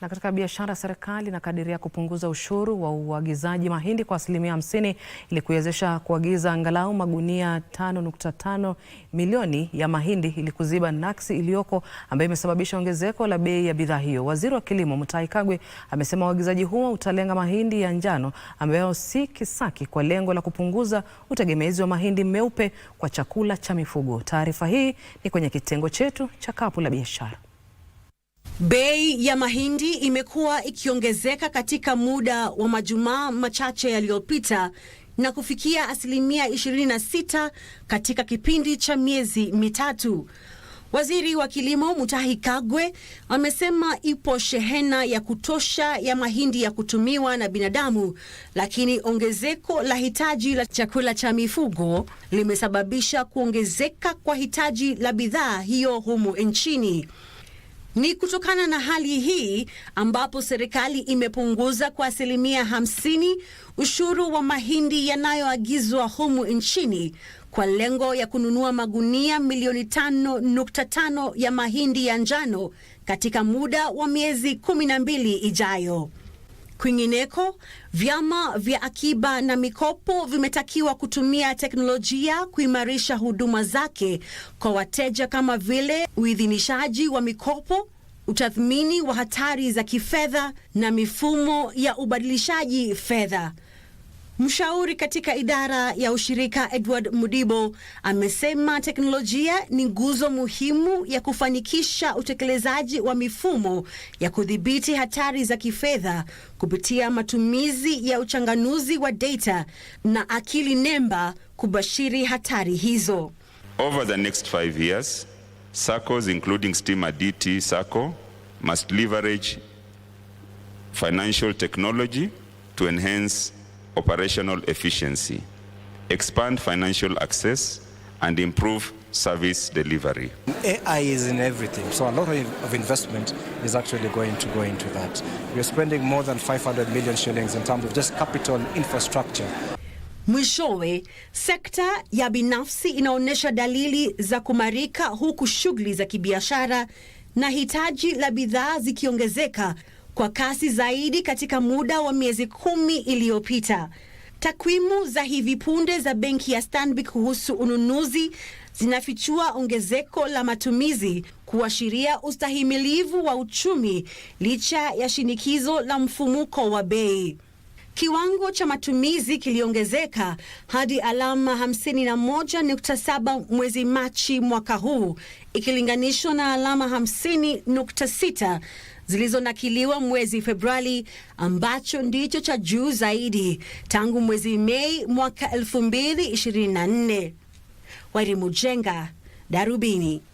Na katika biashara, serikali inakadiria kupunguza ushuru wa uagizaji mahindi kwa asilimia 50 ili kuwezesha kuagiza angalau magunia 5.5 milioni ya mahindi ili kuziba naksi iliyoko ambayo imesababisha ongezeko la bei ya bidhaa hiyo. Waziri wa Kilimo Mutahi Kagwe amesema uagizaji huo utalenga mahindi ya njano ambayo si kisaki kwa lengo la kupunguza utegemezi wa mahindi meupe kwa chakula cha mifugo. Taarifa hii ni kwenye kitengo chetu cha Kapu la Biashara. Bei ya mahindi imekuwa ikiongezeka katika muda wa majumaa machache yaliyopita na kufikia asilimia 26 katika kipindi cha miezi mitatu. Waziri wa Kilimo Mutahi Kagwe amesema ipo shehena ya kutosha ya mahindi ya kutumiwa na binadamu, lakini ongezeko la hitaji la chakula cha mifugo limesababisha kuongezeka kwa hitaji la bidhaa hiyo humu nchini. Ni kutokana na hali hii ambapo serikali imepunguza kwa asilimia 50 ushuru wa mahindi yanayoagizwa humu nchini kwa lengo ya kununua magunia milioni 5.5 ya mahindi ya njano katika muda wa miezi 12 ijayo. Kwingineko, vyama vya akiba na mikopo vimetakiwa kutumia teknolojia kuimarisha huduma zake kwa wateja kama vile uidhinishaji wa mikopo, utathmini wa hatari za kifedha na mifumo ya ubadilishaji fedha. Mshauri katika idara ya ushirika Edward Mudibo amesema teknolojia ni nguzo muhimu ya kufanikisha utekelezaji wa mifumo ya kudhibiti hatari za kifedha kupitia matumizi ya uchanganuzi wa data na akili nemba kubashiri hatari hizo. Over the next five years, SACCOs including Stima DT SACCO must leverage financial technology to enhance operational efficiency, expand financial access, and improve service delivery. AI is in everything, so a lot of investment is actually going to go into that. We are spending more than 500 million shillings in terms of just capital infrastructure. Mwishowe, sekta ya binafsi inaonyesha dalili za kumarika huku shughuli za kibiashara na hitaji la bidhaa zikiongezeka kwa kasi zaidi katika muda wa miezi kumi iliyopita. Takwimu za hivi punde za benki ya Stanbic kuhusu ununuzi zinafichua ongezeko la matumizi kuashiria ustahimilivu wa uchumi licha ya shinikizo la mfumuko wa bei. Kiwango cha matumizi kiliongezeka hadi alama 51.7 mwezi Machi mwaka huu ikilinganishwa na alama 50.6 zilizonakiliwa mwezi Februari, ambacho ndicho cha juu zaidi tangu mwezi Mei mwaka 2024. Wairimu Jenga, Darubini.